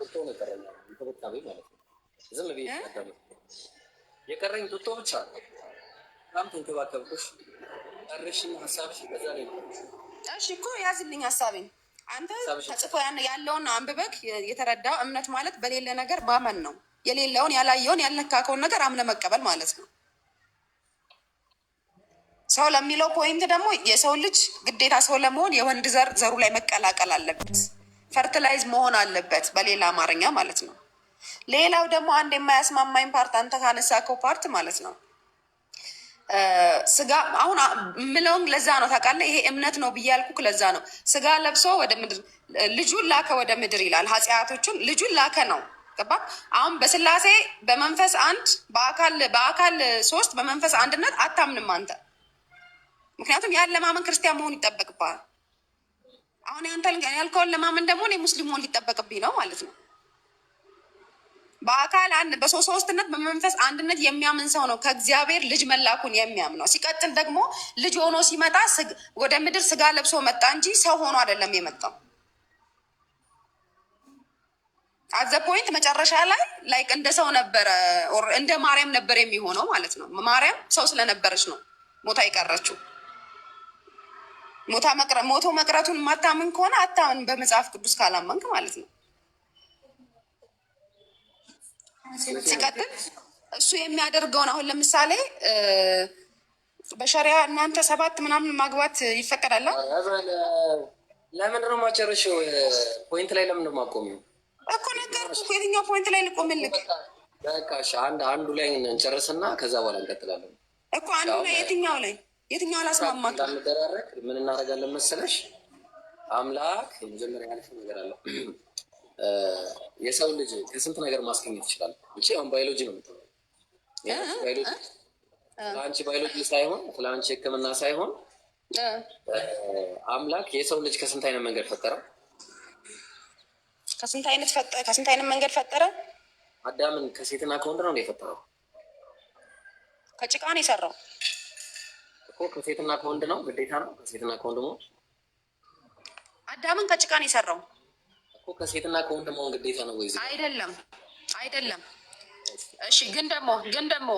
ጡጦ ነው የቀረኝ፣ እንክብካቤ ማለት ነው። ዝም ብዬ የቀረኝ ጡጦ ብቻ ነው። በጣም ተንከባከብኩሽ፣ ሀሳብሽ በዛ ላይ እሺ እኮ ያዝልኝ ሀሳቤን አንተ ተጽፎ ያለውን አንብበክ የተረዳው እምነት ማለት በሌለ ነገር ማመን ነው። የሌለውን ያላየውን ያልነካከውን ነገር አምነ መቀበል ማለት ነው። ሰው ለሚለው ፖይንት ደግሞ የሰው ልጅ ግዴታ ሰው ለመሆን የወንድ ዘር ዘሩ ላይ መቀላቀል አለበት። ፈርትላይዝ መሆን አለበት፣ በሌላ አማርኛ ማለት ነው። ሌላው ደግሞ አንድ የማያስማማኝ ፓርት አንተ ካነሳከው ፓርት ማለት ነው ስጋ አሁን ምለውን ለዛ ነው ታውቃለህ፣ ይሄ እምነት ነው ብያልኩ ለዛ ነው። ስጋ ለብሶ ወደ ምድር ልጁን ላከ ወደ ምድር ይላል። ኃጢአቶቹን ልጁን ላከ ነው ገባ። አሁን በስላሴ በመንፈስ አንድ በአካል በአካል ሶስት በመንፈስ አንድነት አታምንም አንተ፣ ምክንያቱም ያለማመን ክርስቲያን መሆን ይጠበቅብሃል። አሁን ያንተን ያልከውን ለማመን ደግሞ እኔ ሙስሊም መሆን ሊጠበቅብኝ ነው ማለት ነው። በአካል አንድ በሶስትነት በመንፈስ አንድነት የሚያምን ሰው ነው ከእግዚአብሔር ልጅ መላኩን የሚያምነው። ሲቀጥል ደግሞ ልጅ ሆኖ ሲመጣ ወደ ምድር ስጋ ለብሶ መጣ እንጂ ሰው ሆኖ አይደለም የመጣው። አዘ ፖይንት መጨረሻ ላይ ላይክ እንደ ሰው ነበረ፣ እንደ ማርያም ነበር የሚሆነው ማለት ነው። ማርያም ሰው ስለነበረች ነው ሞታ የቀረችው። ሞቶ መቅረቱን ማታምን ከሆነ አታምን በመጽሐፍ ቅዱስ ካላመንክ ማለት ነው። ሲቀጥል እሱ የሚያደርገውን አሁን ለምሳሌ በሸሪያ እናንተ ሰባት ምናምን ማግባት ይፈቀዳል። ለምን ነው ማጨረሻው ፖይንት ላይ ለምን ነው እኮ ነገርኩህ። የትኛው ፖይንት ላይ ልቆምልክ? በቃ አንዱ ላይ እንጨርስና ከዛ በኋላ እንቀጥላለን እኮ አንዱ ላይ የትኛው ላይ የትኛው አላስማማት እንዳንደራረግ ምን እናደርጋለን መሰለሽ? አምላክ የመጀመሪያ ያለፈ ነገር አለ። የሰው ልጅ ከስንት ነገር ማስገኘት ይችላል። እቺ አሁን ባዮሎጂ ነው የምትሆ ለአንቺ ባዮሎጂ ሳይሆን ለአንቺ ሕክምና ሳይሆን አምላክ የሰው ልጅ ከስንት አይነት መንገድ ፈጠረ? ከስንት አይነት ፈጠረ? ከስንት አይነት መንገድ ፈጠረ? አዳምን ከሴትና ከወንድ ነው የፈጠረው። ከጭቃ ነው የሰራው ከሴትና ከወንድ ነው ግዴታ ነው። ከሴትና ከወንድ መሆን አዳምን ከጭቃ ነው የሰራው እኮ ከሴትና ከወንድ መሆን ግዴታ ነው ወይ? አይደለም፣ አይደለም። እሺ ግን ደግሞ ግን ደግሞ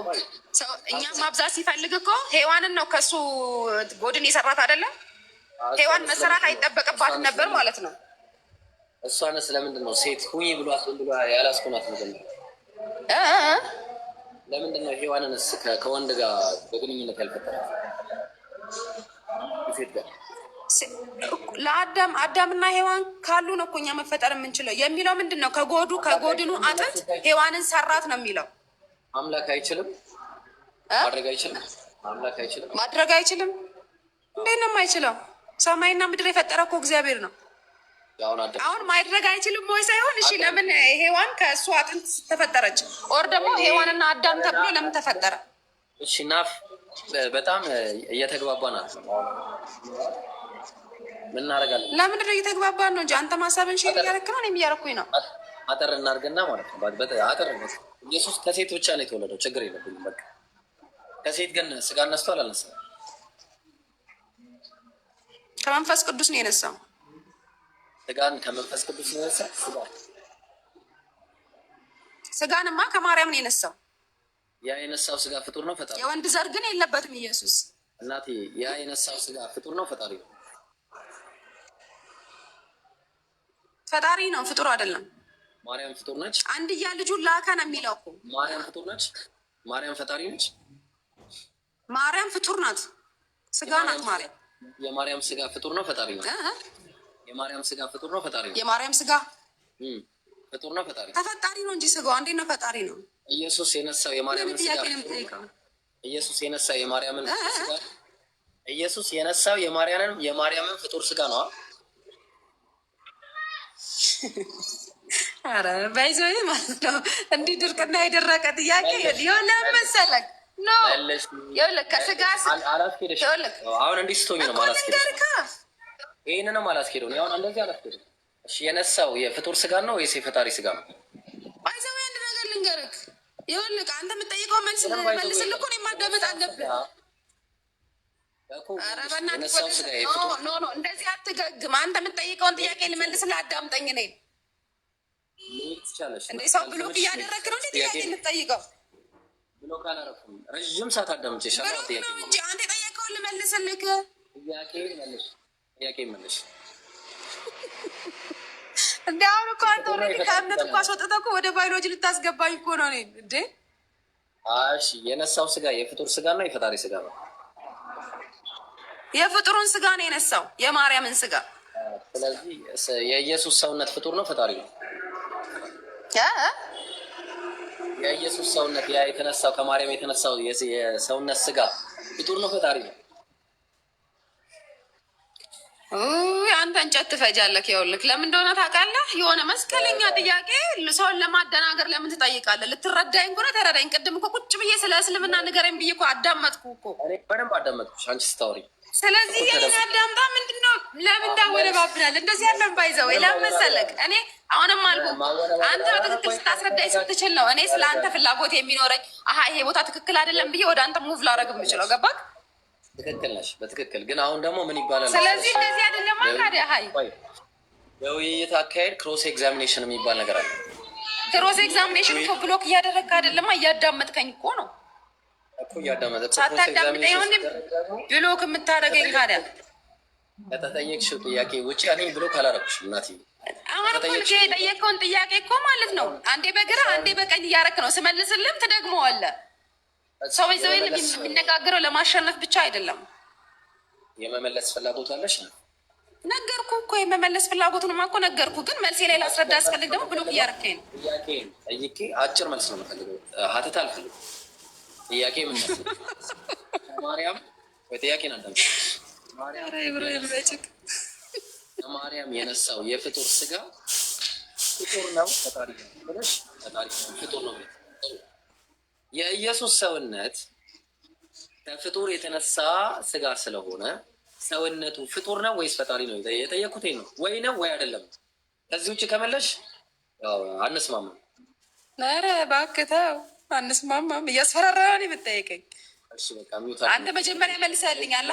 ሰው እኛም ማብዛት ሲፈልግ እኮ ሔዋንን ነው ከሱ ጎድን የሰራት አይደለም። ሔዋን መሰራት አይጠበቅባትም ነበር ማለት ነው። እሷን ስለምንድን ነው ሴት ሁኚ ብሎ ያላስኩናት ነው? ለምንድን ነው ሔዋንን ከወንድ ጋር በግንኙነት ያልፈጠራት? ለአዳም አዳምና ሔዋን ካሉ ነው እኮ እኛ መፈጠር የምንችለው የሚለው ምንድን ነው? ከጎዱ ከጎድኑ አጥንት ሔዋንን ሰራት ነው የሚለው። አምላክ አይችልም ማድረግ አይችልም አይችልም ማድረግ አይችልም። እንዴት ነው የማይችለው? ሰማይና ምድር የፈጠረ እኮ እግዚአብሔር ነው። አሁን ማድረግ አይችልም ወይ ሳይሆን፣ እሺ ለምን ሔዋን ከእሱ አጥንት ተፈጠረች? ኦር ደግሞ ሔዋንና አዳም ተብሎ ለምን ተፈጠረ? እሺ ናፍ በጣም እየተግባባ ናት። ምን እናደርጋለን? ለምንድን ነው እየተግባባን ነው እንጂ አንተ ማሳብን ሼር እያደረክ ነው፣ እኔም እያደረኩኝ ነው። አጠር እናድርግና ማለት ነው። አጠር ኢየሱስ ከሴት ብቻ ነው የተወለደው። ችግር የለብኝም። በቃ ከሴት ግን ስጋ ነስቶ አላነሳ ከመንፈስ ቅዱስ ነው የነሳው። ስጋን ከመንፈስ ቅዱስ ነው የነሳው። ስጋንማ ከማርያም ነው የነሳው። ያ የነሳው ስጋ ፍጡር ነው ፈጣሪ። የወንድ ዘር ግን የለበትም ኢየሱስ። እናቴ ያ የነሳው ስጋ ፍጡር ነው ፈጣሪ ነው ፈጣሪ ነው ፍጡር አይደለም። ማርያም ፍጡር ነች። አንድያ ልጁን ላከ ነው የሚለው እኮ። ማርያም ፍጡር ነች። ማርያም ፈጣሪ ነች። ማርያም ፍጡር ናት፣ ስጋ ናት። ማርያም የማርያም ስጋ ፍጡር ነው ፈጣሪ ነው። የማርያም ስጋ ፍጡር ነው ፈጣሪ ነው። የማርያም ስጋ ፍጡር ነው ፈጣሪ ተፈጣሪ ነው እንጂ ስጋው እንዴት ነው ፈጣሪ ነው? ኢየሱስ የነሳው የማርያምን ስጋ ኢየሱስ የነሳው የማርያምን ስጋ ኢየሱስ የነሳው የማርያምን የማርያምን ፍጡር ስጋ ነው። አረ ባይዞ ማለት ነው። እንዲህ ድርቅና የደረቀ ጥያቄ የሆነ መሰለክ ኖ ይኸውልህ ከስጋ አሁን እንዲህ ስቶኝ ነው ማለት ይሄንንም አላስኬደው ነው። አሁን እንደዚህ አላስኬደው። እሺ የነሳው የፍጡር ስጋ ነው ወይስ የፈጣሪ ስጋ ነው? ባይዘው አንድ ነገር ልንገርህ ይኸውልህ አንተ የምጠይቀው መልስ መልስልህ እኮ እኔም ማዳመጥ አለብህ። ኧረ በእናትህ ኖ ኖ እንደዚህ አትገግም። አንተ የምጠይቀውን ጥያቄ ልመልስልህ፣ አዳምጠኝ። እኔ እንደ ሰው ብሎክ እያደረግህ ነው እንደ ጥያቄ የምትጠይቀው ብሎክ አላደረኩም። ረዥም ሰዓት አዳምጬሻለሁ። ብሎክ ነው እንጂ አንተ የጠየቀውን ልመልስልህ። ጥያቄ መልሽ፣ ጥያቄ መልሽ እንደ አሁን እኮ አንተ ኦልሬዲ ከእምነት እኮ አስወጥተህ እኮ ወደ ባዮሎጂ ልታስገባኝ እኮ ነው። እኔን እንዴ! እሺ፣ የነሳው ስጋ የፍጡር ስጋ ነው የፈጣሪ ስጋ ነው? የፍጡሩን ስጋ ነው የነሳው፣ የማርያምን ስጋ። ስለዚህ የኢየሱስ ሰውነት ፍጡር ነው ፈጣሪ ነው? የኢየሱስ ሰውነት ያ የተነሳው ከማርያም የተነሳው የሰውነት ስጋ ፍጡር ነው ፈጣሪ ነው? አንተ እንጨት ትፈጃለህ። ይኸውልህ ለምን እንደሆነ ታውቃለህ? የሆነ መስቀለኛ ጥያቄ ሰውን ለማደናገር ለምን ትጠይቃለህ? ልትረዳኝ እኮ ተረዳኝ። ቅድም እኮ ቁጭ ብዬ ስለ እስልምና ንገረኝ ብዬ እኮ አዳመጥኩ እኮ በደንብ አዳመጥኩሽ አንቺ ስታወሪ። ስለዚህ ይህን አዳምጣ። ምንድን ነው ለምን እንዳወለባብናል? እንደዚህ ያለን ባይዘው ለምን መሰለህ? እኔ አሁንም አልኩ አንተ በትክክል ስታስረዳኝ ስትችል ነው እኔ ስለ አንተ ፍላጎት የሚኖረኝ። አሀ ይሄ ቦታ ትክክል አይደለም ብዬ ወደ አንተ ሙቭ ላረግ የምችለው ገባክ? ትክክል ነሽ፣ በትክክል ግን አሁን ደግሞ ምን ይባላል? ስለዚህ እንደዚህ አይደለም። የውይይት አካሄድ ክሮስ ኤግዛሚኔሽን የሚባል ነገር አለ። ክሮስ ኤግዛሚኔሽን እኮ ብሎክ እያደረግህ እያዳመጥከኝ እኮ ነው እኮ እያዳመጠ ሳታዳምጠኝ ብሎክ የምታደርገኝ ካለ ከተጠየቅሽው ጥያቄ ውጭ እኔ ብሎክ አላደረኩሽም እናቴ። አሁን እኮ የጠየቀውን ጥያቄ እኮ ማለት ነው አንዴ በግራ አንዴ በቀኝ እያረክ ነው፣ ስመልስልም ትደግመዋለህ ሰው ይዘው የሚነጋገረው ለማሸነፍ ብቻ አይደለም። የመመለስ ፍላጎት አለሽ ነው ነገርኩ እኮ የመመለስ እኮ ነገርኩ። ግን መልሴ ላይ ላስረዳ አስፈልግ ደግሞ ብሎ እያረከኝ ነው። ጠይቄ አጭር መልስ ነው የምፈልገው፣ ሀተት አልፈልግም። ጥያቄ ምን ማርያም ወይ ጥያቄ ማርያም የነሳው የፍጡር ስጋ ፍጡር ነው ፈጣሪ ነው ብለሽ ፈጣሪ ነው ፍጡር ነው የኢየሱስ ሰውነት ከፍጡር የተነሳ ስጋ ስለሆነ ሰውነቱ ፍጡር ነው ወይስ ፈጣሪ ነው? የጠየኩት ነው። ወይ ነው ወይ አይደለም። ከዚህ ውጭ ከመለሽ አንስማማም። ኧረ እባክህ ተው፣ አንስማማም። እያስፈራራህ ነው የምትጠይቀኝ። አንተ መጀመሪያ መልሰህልኛል።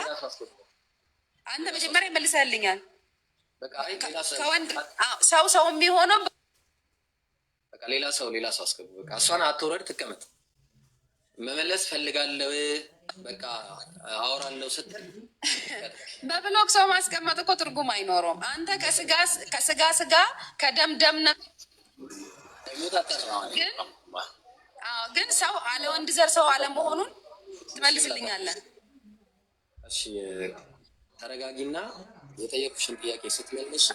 አንተ መጀመሪያ መልሰህልኛል። ሰው ሰው የሚሆነው ሌላ ሰው ሌላ ሰው አስገቡ። በቃ እሷን አትውረድ፣ ትቀመጥ መመለስ ፈልጋለው በቃ አወራለሁ ስትል በብሎክ ሰው ማስቀመጥ እኮ ትርጉም አይኖረውም። አንተ ከስጋ ስጋ ከደም ደም ግን ሰው አለ ወንድ ዘር ሰው አለመሆኑን ትመልስልኛለን። ተረጋጊና የጠየኩሽን ጥያቄ ስትመልሽ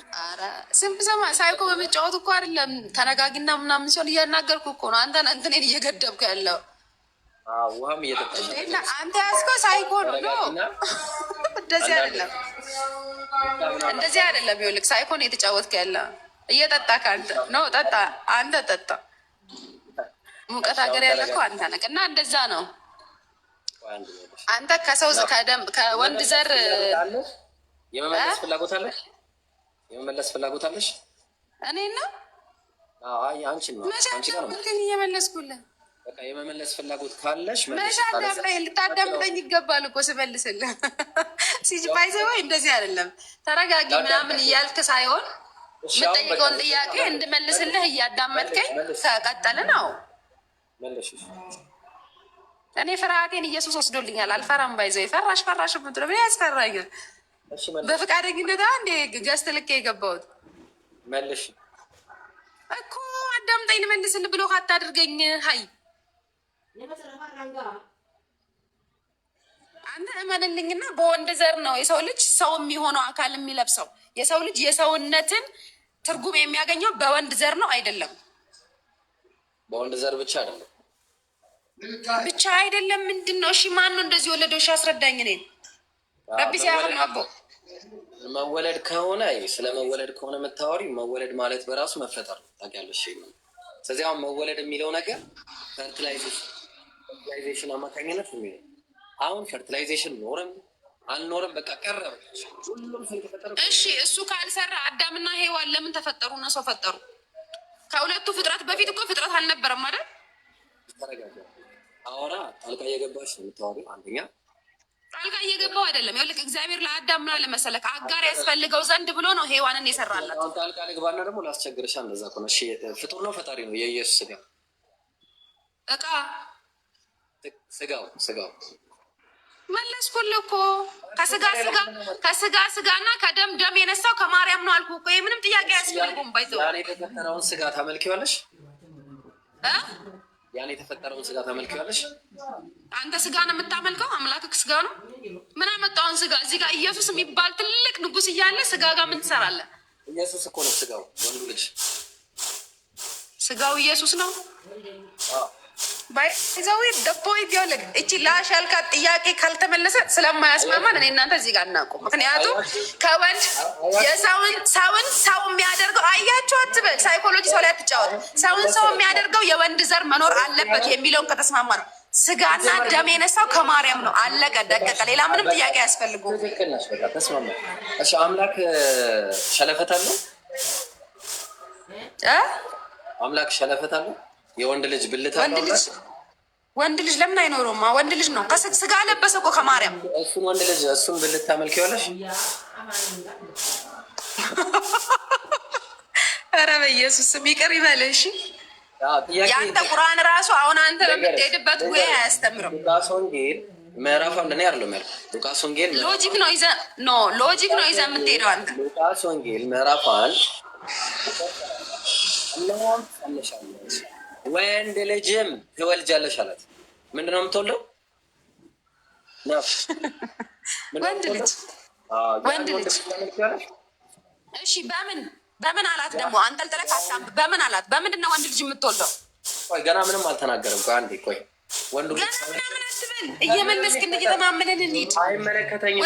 ስም ስማ ሳይኮ በመጫወት እኮ አይደለም። ተረጋጊና ምናምን ሲሆን እያናገርኩ እኮ ነው። አንተን እንትኔን እየገደብኩ ያለው ውሃም እየጠጣች አንተ ያዝከው ሳይኮ ነው። እንደዚህ አይደለም፣ እንደዚህ አይደለም። ይኸውልህ ሳይኮን እየተጫወትክ ያለ እየጠጣ ከአንተ ነው። ጠጣ፣ አንተ ጠጣ። ሙቀት ሀገር ያለ እኮ አንተ ነህ። እና እንደዛ ነው። አንተ ከሰው ከወንድ ዘር የመመለስ ፍላጎት አለሽ? የመመለስ ፍላጎት አለሽ? እኔ ነው አንቺ ነው። መቼ ግን እየመለስኩልህ በቃ የመመለስ ፍላጎት ካለሽ ልታዳምጠኝ ይገባል እኮ ስመልስል ሲጅ ባይዘ ወይ እንደዚህ አይደለም ተረጋጊ ምናምን እያልክ ሳይሆን የምጠይቀውን ጥያቄ እንድመልስልህ እያዳመጥከኝ ከቀጠል ነው። እኔ ፍርሃቴን ኢየሱስ ወስዶልኛል። አልፈራም። ባይዘ ፈራሽ ፈራሽ ምድረ ምን ያስፈራኛል? በፍቃደኝነት እንዴ ገዝት ልክ የገባሁት መልሽ እኮ አዳምጠኝ ልመልስልህ ብሎ ካታድርገኝ ሀይ አንተ እመንልኝና በወንድ ዘር ነው የሰው ልጅ ሰው የሚሆነው አካል የሚለብሰው። የሰው ልጅ የሰውነትን ትርጉም የሚያገኘው በወንድ ዘር ነው አይደለም? በወንድ ዘር ብቻ አይደለም ብቻ አይደለም። ምንድን ነው? እሺ ማን ነው እንደዚህ ወለደው? እሺ አስረዳኝ። እኔን ረቢ ሲያህል ነው አቦ መወለድ ከሆነ ስለ መወለድ ከሆነ የምታወሪ መወለድ ማለት በራሱ መፈጠር ነው ታውቂያለሽ። ስለዚህ አሁን መወለድ የሚለው ነገር ፈርትላይዝ ፈርቲላይዜሽን አማካኝነት ነው። አሁን ፈርቲላይዜሽን ኖረም አልኖረም በቃ ቀረበ። እሺ እሱ ካልሰራ አዳምና ሔዋን ለምን ተፈጠሩ? እና ሰው ፈጠሩ። ከሁለቱ ፍጥረት በፊት እኮ ፍጥረት አልነበረም አይደል? ተረጋጋ። አወራ ጣልቃ እየገባች ነው የምታወሪው። አንደኛ ጣልቃ እየገባው አይደለም። ይኸውልህ እግዚአብሔር ለአዳም ምን አለ መሰለህ አጋር ያስፈልገው ዘንድ ብሎ ነው ሔዋንን የሰራላት። ጣልቃ ልግባና ደግሞ ላስቸግርሻ። እንደዛ ከሆነ ፍጡር ነው ፈጣሪ ነው የኢየሱስ ጋር እቃ ስጋው ስጋው መለስኩልህ እኮ ከስጋ ስጋ ከስጋ ስጋ እና ከደም ደም የነሳው ከማርያም ነው አልኩህ እኮ። ምንም ጥያቄ አያስፈልጉም። ባይዘው ያኔ የተፈጠረውን ስጋ ታመልኪዋለሽ እ የተፈጠረውን ስጋ ታመልኪዋለሽ። አንተ ስጋ ነው የምታመልከው፣ አምላክክ ስጋ ነው። ምን አመጣውን ስጋ እዚህ ጋር ኢየሱስ የሚባል ትልቅ ንጉስ እያለ ስጋ ጋር ምን ትሰራለህ? ኢየሱስ እኮ ነው ስጋው፣ ወንዱ ልጅ ስጋው ኢየሱስ ነው። ባይዘዊ ደፖይ ቢሆን እቺ ላሽ ጥያቄ ካልተመለሰ ስለማያስማማን እኔ እናንተ እዚህ ጋር እናቁ። ምክንያቱም ከወንድ የሰውን ሰውን ሰው የሚያደርገው አያቸው አትበል። ሳይኮሎጂ ሰው ላይ አትጫወት። ሰውን ሰው የሚያደርገው የወንድ ዘር መኖር አለበት የሚለውን ከተስማማ ነው። ስጋና ደም የነሳው ከማርያም ነው። አለቀ ደቀቀ። ሌላ ምንም ጥያቄ ያስፈልጉ። አምላክ ሸለፈት አለው። አምላክ ሸለፈት አለው። የወንድ ልጅ ብልት ወንድ ልጅ ለምን አይኖረውማ? ወንድ ልጅ ነው። ከስጋ ለበሰ እኮ ከማርያም እሱን ወንድ ልጅ እሱን ብልት ይወለሽ። ኧረ በኢየሱስም ይቅር ይበልሽ። የአንተ ቁርአን ራሱ አሁን አንተ በምትሄድበት ጉያ አያስተምርም። ሉቃስ ወንጌል ምዕራፍ አንድ ላይ ያለው ማለት ሉቃስ ወንጌል ሎጂክ ነው ይዘህ ኖ ሎጂክ ነው ይዘህ የምትሄደው አንተ ሉቃስ ወንጌል ምዕራፍ አንድ ወንድ ልጅም ትወልጃለሽ አላት። ምንድነው የምትወልደው? ወንድ ልጅ ወንድ ልጅ። እሺ በምን በምን አላት ደግሞ አንጠልጥለህ በምን አላት? በምንድን ነው ወንድ ልጅ የምትወልደው? ቆይ ገና ምንም አልተናገርም። ቆይ አንዴ ቆይ ወንዱ ገና ምን አትበል። እየመለስክን እየተማመንን እንሂድ።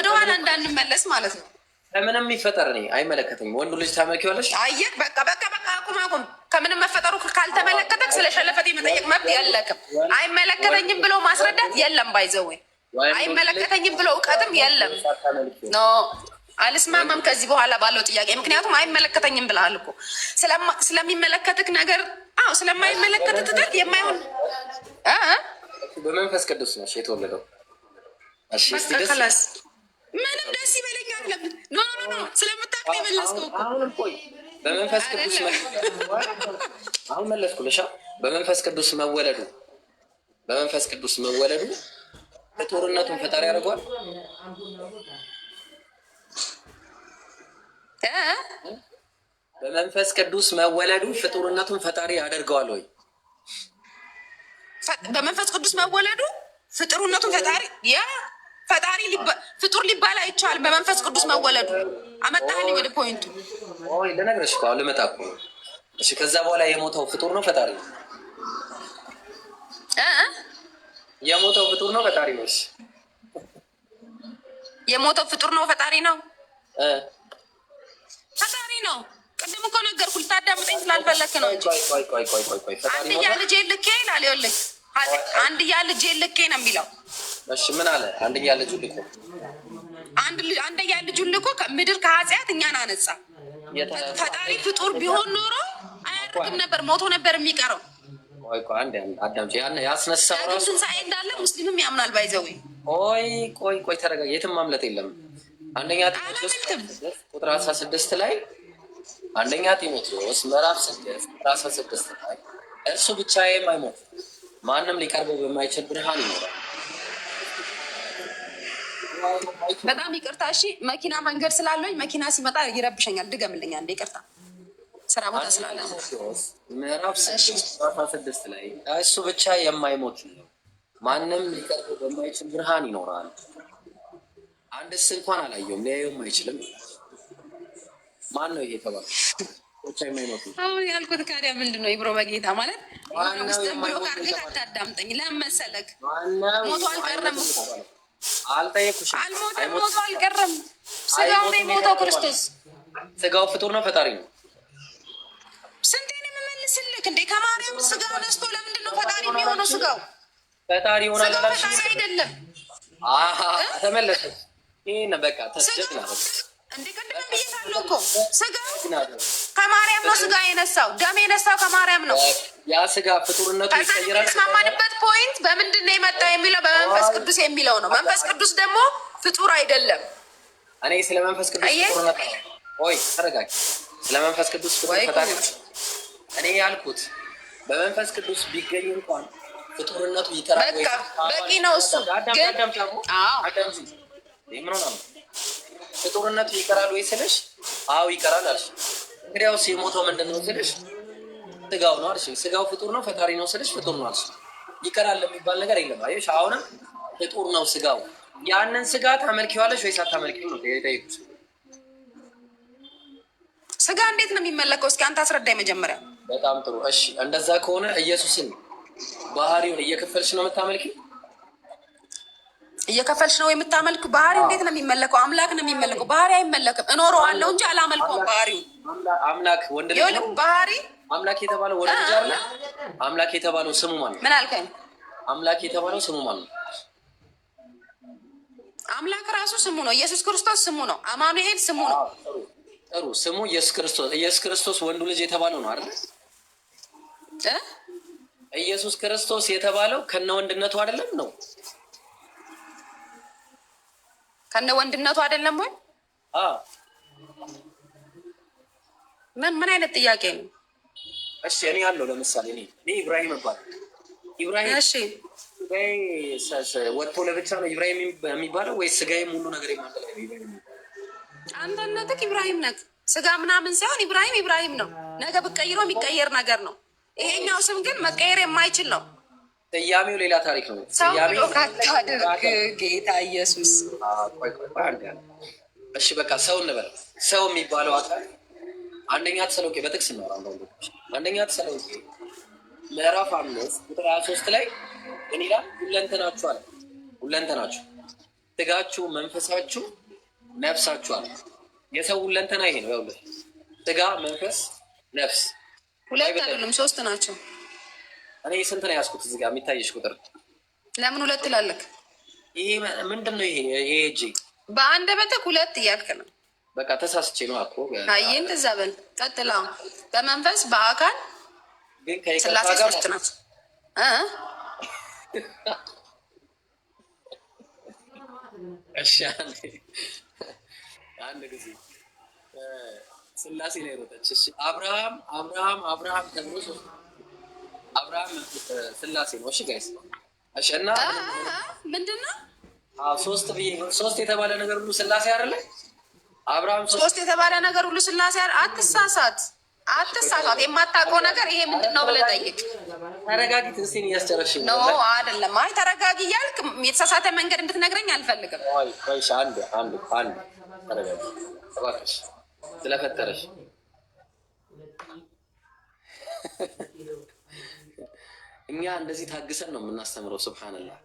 ወደኋላ እንዳንመለስ ማለት ነው ከምንም ይፈጠር እኔ አይመለከተኝም። ወንዱ ልጅ ታመኪዋለሽ። አየህ፣ በቃ በቃ በቃ አቁም አቁም። ከምንም መፈጠሩ ካልተመለከተክ ስለ ሸለፈት መጠየቅ መብት ያለክም። አይመለከተኝም ብሎ ማስረዳት የለም። ባይዘወ አይመለከተኝም ብሎ እውቀትም የለም። ኖ አልስማማም ከዚህ በኋላ ባለው ጥያቄ። ምክንያቱም አይመለከተኝም ብለሃል እኮ ስለሚመለከትክ ነገር። አዎ ስለማይመለከት ትተህ የማይሆን በመንፈስ ቅዱስ ነው የተወለደው። ምንም ደስ ይበለኛ ለምን ኖ ኖ ኖ ስለምታውቅ የመለስከው እኮ አሁንም ቆይ በመንፈስ ቅዱስ አሁን መለስኩልሽ። በመንፈስ ቅዱስ መወለዱ በመንፈስ ቅዱስ መወለዱ ፍጡርነቱን ፈጣሪ ያደርገዋል። በመንፈስ ቅዱስ መወለዱ ፍጡርነቱን ፈጣሪ ያደርገዋል ወይ? በመንፈስ ቅዱስ መወለዱ ፍጡርነቱን ፈጣሪ ያ ፈጣሪ ፍጡር ሊባል አይቻልም። በመንፈስ ቅዱስ መወለዱ አመጣህልኝ ወደ ፖይንቱ ልነግርሽ እኮ ልመጣ እኮ እሺ ከዛ በኋላ የሞተው ፍጡር ነው ፈጣሪ ነው? የሞተው ፍጡር ነው ፈጣሪ ነው? የሞተው ፍጡር ነው ፈጣሪ ነው? ፈጣሪ ነው። ቅድም እኮ ነገርኩ፣ ልታዳምጠኝ ስላልፈለክ ነው እንጂ አንድያ ልጄ ልኬ ይላል። ይኸውልህ አንድያ ልጄ ልኬ ነው የሚለው እሺ ምን አለ? አንደኛ ልጁ ልኮ አንደኛ ልጁ ልኮ ምድር ከኃጢአት እኛን አነጻ። ፈጣሪ ፍጡር ቢሆን ኖሮ አያደርግም ነበር፣ ሞቶ ነበር የሚቀረው። ያስነሳው ራሱ ትንሣኤ እንዳለ ሙስሊምም ያምናል። ባይዘው ቆይ ቆይ ቆይ ተረጋ። የትም ማምለጥ የለም። አንደኛ ጢሞቴዎስ ቁጥር 16 ላይ አንደኛ ጢሞቴዎስ ምዕራፍ 6 ቁጥር 16 ላይ እርሱ ብቻዬም አይሞትም፣ ማንም ሊቀርበው በማይችል ብርሃን ይኖራል በጣም ይቅርታ። እሺ መኪና መንገድ ስላለኝ መኪና ሲመጣ ይረብሸኛል። ድገምልኛ እንደ ይቅርታ ስራ ቦታ ስላለ ምዕራፍ ስድስት ላይ እሱ ብቻ የማይሞት ነው፣ ማንም ሊቀርብ በማይችል ብርሃን ይኖራል። አንድስ እንኳን አላየውም፣ ሊያየውም አይችልም። ማን ነው ይሄ የተባለ አሁን ያልኩት ካዲያ ምንድን ነው? ይብሮ በጌታ ማለት ውስጥ ብሎ ካርጌት አታዳምጠኝ ለመሰለክ ሞቷል ቀረም አልጠየኩሽም። አልሞተም፣ ሞቶ አልቀረም። ስጋው ነው የሞተው። ክርስቶስ ስጋው ፍጡር ነው ፈጣሪ ነው? ስንቴ ነው እንዴ? ከማርያም ስጋው ነስቶ ለምንድን ነው ፈጣሪ የሚሆነው? ስጋው ፈጣሪ ይሆናል። ስጋው ፈጣሪ አይደለም። ተመለሰ። ይሄን በቃ ተስደግ እንደ ቅድም ብዬሻለሁ እኮ ስጋው ከማርያም ነው። ስጋ የነሳው ደም የነሳው ከማርያም ነው። ያ ስጋ ፍጡርነቱ ይቀየራል። ተስማማንበት። ፖይንት በምንድን ነው የመጣው የሚለው በመንፈስ ቅዱስ የሚለው ነው። መንፈስ ቅዱስ ደግሞ ፍጡር አይደለም። እኔ ስለ መንፈስ ቅዱስ ፍጡርነት ወይ ተረጋግ። ስለ መንፈስ ቅዱስ ፍጡርነት እኔ ያልኩት በመንፈስ ቅዱስ ቢገኝ እንኳን ፍጡርነቱ ይቀራል። በቂ ነው እሱ ግን የጦርነቱ ይቀራል ወይ ስልሽ አዎ ይቀራል አልሽ። እንግዲያውስ የሞተው ምንድን ነው ስልሽ ስጋው ነው አልሽ። ስጋው ፍጡር ነው ፈጣሪ ነው ስልሽ ፍጡር ነው አልሽ። ይቀራል የሚባል ነገር የለም። አየሽ፣ አሁንም ፍጡር ነው ስጋው። ያንን ስጋ ታመልኪዋለሽ ወይስ አታመልኪው ነው የጠየኩሽ። ስጋ እንዴት ነው የሚመለከው? እስኪ አንተ አስረዳኝ መጀመሪያ። በጣም ጥሩ እሺ። እንደዛ ከሆነ ኢየሱስን ባህሪውን እየከፈልሽ ነው የምታመልኪው እየከፈልሽ ነው የምታመልክ። ባህሪ እንዴት ነው የሚመለከው? አምላክ ነው የሚመለከው። ባህሪ አይመለክም። እኖረዋለሁ እንጂ አላመልከውም። ባህሪው አምላክ ወንድ ልጅ ባህሪ አምላክ የተባለው ወንድ ልጅ አለ። አምላክ የተባለው ስሙ ማለት ነው። ምን አልከኝ? አምላክ የተባለው ስሙ ማለት ነው። አምላክ ራሱ ስሙ ነው። ኢየሱስ ክርስቶስ ስሙ ነው። አማኑኤል ስሙ ነው። ጥሩ ስሙ ኢየሱስ ክርስቶስ። ኢየሱስ ክርስቶስ ወንዱ ልጅ የተባለው ነው አይደል? ኢየሱስ ክርስቶስ የተባለው ከነ ወንድነቱ አይደለም ነው ከነ ወንድነቱ አይደለም ወይ? ምን ምን አይነት ጥያቄ ነው? እሺ እኔ አለው ለምሳሌ እኔ እኔ ኢብራሂም እባላለሁ። ኢብራሂም እሺ፣ ወጥቶ ለብቻ ነው ኢብራሂም የሚባለው ወይ ስጋዬም ሁሉ ነገር አንተ አንተነትህ ኢብራሂም ነህ። ስጋ ምናምን ሳይሆን ኢብራሂም ኢብራሂም ነው። ነገ ብቀይሮ የሚቀየር ነገር ነው። ይሄኛው ስም ግን መቀየር የማይችል ነው። ስያሜው ሌላ ታሪክ ነው። ስያሜው ካታደርግ ጌታ ኢየሱስ። እሺ በቃ ሰው እንበል። ሰው የሚባለው አካል አንደኛ ተሰሎንቄ በጥቅስ እናወራለን። አንደኛ ተሰሎንቄ ምዕራፍ አምስት ቁጥር ሀያ ሶስት ላይ እኔ ላ ሁለንተናችሁ አለ ሁለንተናችሁ፣ ስጋችሁ፣ መንፈሳችሁ፣ ነፍሳችሁ አለ። የሰው ሁለንተና ይሄ ነው። ያው ስጋ፣ መንፈስ፣ ነፍስ ሁለት ሁለንተናንም ሶስት ናቸው። እኔ ስንት ነው ያዝኩት? እዚህ ጋር የሚታየሽ ቁጥር ለምን ሁለት ትላለህ? ይሄ ምንድን ነው? ይሄ ይሄ እጅ በአንድ በተክ ሁለት እያልክ ነው። በቃ ተሳስቼ ነው እኮ። አይ እንደዛ በል ቀጥል። አሁን በመንፈስ በአካል ስላሴ ሶስት ናት። እሺ አንድ ጊዜ ስላሴ ላይ ሮጠች። እሺ አብርሃም አብርሃም አብርሃም ተብሎ ሶስት አብርሃም ስላሴ ነው። እሺ ጋይስ፣ እሺ። እና ምንድነው ሶስት የተባለ ነገር ሁሉ ስላሴ አይደለ? አብርሃም ሶስት የተባለ ነገር ሁሉ ስላሴ አይደለ? አትሳሳት፣ አትሳሳት። የማታውቀው ነገር ይሄ ምንድነው ብለህ ጠይቅ። ተረጋጊ። ትንስን እያስጨረሽ ኖ አይደለም። አይ ተረጋጊ እያልክ የተሳሳተ መንገድ እንድትነግረኝ አልፈልግም። አንድ አንድ አንድ ተረጋጊ እባክሽ፣ ስለፈጠረሽ እኛ እንደዚህ ታግሰን ነው የምናስተምረው። ስብሓንላህ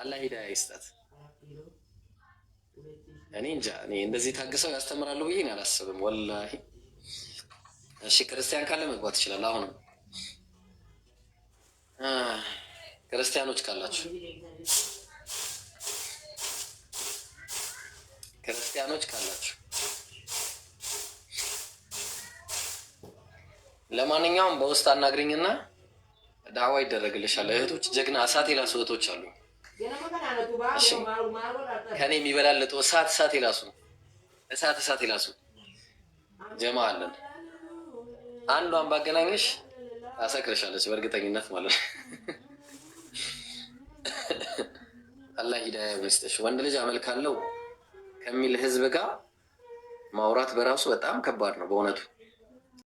አላህ ሂዳያ ይስጣት። እኔ እንጃ እኔ እንደዚህ ታግሰው ያስተምራሉ ብዬ አላስብም ወላሂ። እሺ ክርስቲያን ካለ መግባት ይችላል። አሁንም ክርስቲያኖች ካላችሁ ክርስቲያኖች ካላችሁ ለማንኛውም በውስጥ አናግሪኝና ዳዋ ይደረግልሻል። እህቶች ጀግና እሳት የላሱ እህቶች አሉ። ከኔ የሚበላለጡ እሳት እሳት የላሱ እሳት እሳት የላሱ ጀማ አለን። አንዷን ባገናኘሽ አሰክርሻለች በእርግጠኝነት ማለት ነው። አላህ ሂዳያ ይስጥሽ። ወንድ ልጅ አመልካለው ከሚል ህዝብ ጋር ማውራት በራሱ በጣም ከባድ ነው በእውነቱ